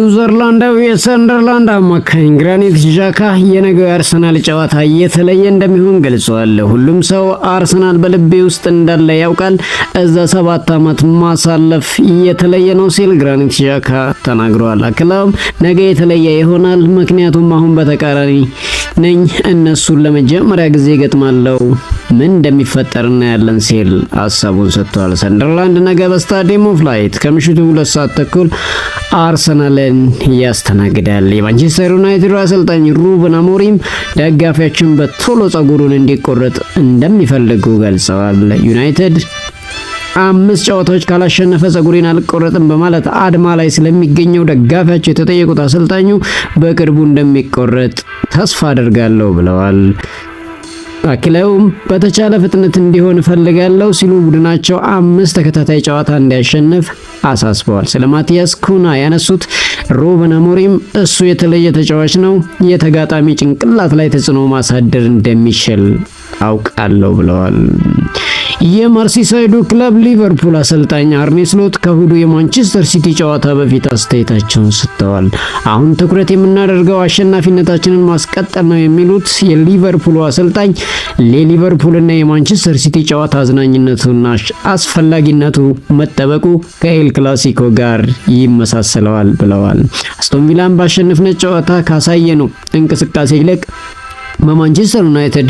ኒውዘርላንዳዊ የሰንደርላንድ አማካኝ ግራኒት ዣካ የነገው የአርሰናል ጨዋታ የተለየ እንደሚሆን ገልጸዋል። ሁሉም ሰው አርሰናል በልቤ ውስጥ እንዳለ ያውቃል፣ እዛ ሰባት ዓመት ማሳለፍ የተለየ ነው ሲል ግራኒት ዣካ ተናግረዋል። አክላም ነገ የተለየ ይሆናል፣ ምክንያቱም አሁን በተቃራኒ ነኝ፣ እነሱን ለመጀመሪያ ጊዜ ገጥማለው፣ ምን እንደሚፈጠር እናያለን ሲል ሀሳቡን ሰጥተዋል። ሰንደርላንድ ነገ በስታዲየም ኦፍ ላይት ከምሽቱ ሁለት ሰዓት ተኩል አርሰናልን ያስተናግዳል። የማንቸስተር ዩናይትድ አሰልጣኝ ሩበን አሞሪም ደጋፊያችን በቶሎ ጸጉሩን እንዲቆረጥ እንደሚፈልጉ ገልጸዋል። ዩናይትድ አምስት ጨዋታዎች ካላሸነፈ ጸጉሬን አልቆረጥም በማለት አድማ ላይ ስለሚገኘው ደጋፊያቸው የተጠየቁት አሰልጣኙ በቅርቡ እንደሚቆረጥ ተስፋ አድርጋለሁ ብለዋል። አክለውም በተቻለ ፍጥነት እንዲሆን እፈልጋለሁ ሲሉ ቡድናቸው አምስት ተከታታይ ጨዋታ እንዲያሸንፍ አሳስበዋል። ስለ ማቲያስ ኩና ያነሱት ሩበን አሞሪም እሱ የተለየ ተጫዋች ነው፣ የተጋጣሚ ጭንቅላት ላይ ተጽዕኖ ማሳደር እንደሚችል አውቃለሁ ብለዋል። የመርሲሳይዱ ክለብ ሊቨርፑል አሰልጣኝ አርኔ ስሎት ከእሁዱ የማንቸስተር ሲቲ ጨዋታ በፊት አስተያየታቸውን ሰጥተዋል። አሁን ትኩረት የምናደርገው አሸናፊነታችንን ማስቀጠል ነው የሚሉት የሊቨርፑሉ አሰልጣኝ ለሊቨርፑልና የማንቸስተር ሲቲ ጨዋታ አዝናኝነቱና አስፈላጊነቱ መጠበቁ ከኤል ክላሲኮ ጋር ይመሳሰለዋል ብለዋል። አስቶን ቪላን ባሸነፍነት ጨዋታ ካሳየ ነው እንቅስቃሴ ይለቅ በማንቸስተር ዩናይትድ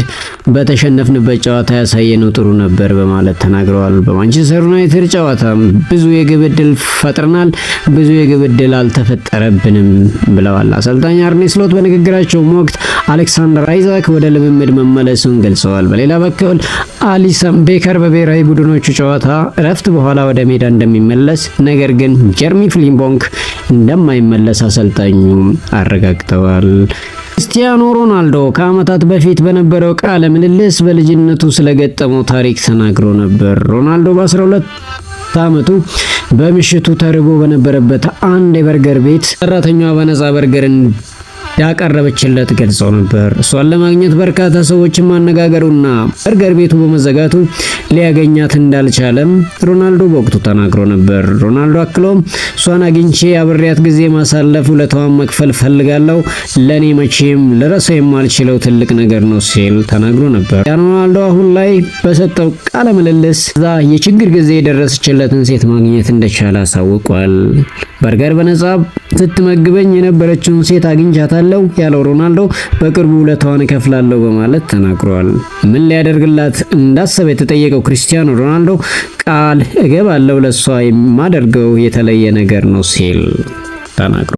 በተሸነፍንበት ጨዋታ ያሳየነው ጥሩ ነበር በማለት ተናግረዋል። በማንቸስተር ዩናይትድ ጨዋታ ብዙ የግብ ዕድል ፈጥረናል፣ ብዙ የግብ ዕድል አልተፈጠረብንም ብለዋል። አሰልጣኝ አርኔ ስሎት በንግግራቸውም ወቅት አሌክሳንደር አይዛክ ወደ ልምምድ መመለሱን ገልጸዋል። በሌላ በኩል አሊሰን ቤከር በብሔራዊ ቡድኖቹ ጨዋታ እረፍት በኋላ ወደ ሜዳ እንደሚመለስ ነገር ግን ጀርሚ ፍሊምቦንክ እንደማይመለስ አሰልጣኙ አረጋግጠዋል። ክርስቲያኖ ሮናልዶ ከዓመታት በፊት በነበረው ቃለ ምልልስ በልጅነቱ ስለገጠመው ታሪክ ተናግሮ ነበር። ሮናልዶ በ12 ዓመቱ በምሽቱ ተርቦ በነበረበት አንድ የበርገር ቤት ሰራተኛዋ በነፃ በርገርን ያቀረበችለት ገልጸው ነበር። እሷን ለማግኘት በርካታ ሰዎችን ማነጋገሩና በርገር ቤቱ በመዘጋቱ ሊያገኛት እንዳልቻለም ሮናልዶ በወቅቱ ተናግሮ ነበር። ሮናልዶ አክሎም እሷን አግኝቼ አብሬያት ጊዜ ማሳለፍ ውለታዋን መክፈል ፈልጋለሁ፣ ለእኔ መቼም ልረሳው የማልችለው ትልቅ ነገር ነው ሲል ተናግሮ ነበር። ሮናልዶ አሁን ላይ በሰጠው ቃለ ምልልስ እዛ የችግር ጊዜ የደረሰችለትን ሴት ማግኘት እንደቻለ አሳውቋል። በርገር በነጻ ስትመግበኝ የነበረችውን ሴት አግኝቻታለሁ ያለው ሮናልዶ በቅርቡ ውለታዋን እከፍላለሁ በማለት ተናግሯል። ምን ሊያደርግላት እንዳሰበ የተጠየቀው ክርስቲያኖ ሮናልዶ ቃል እገባለሁ ለሷ የማደርገው የተለየ ነገር ነው ሲል ተናግሯል።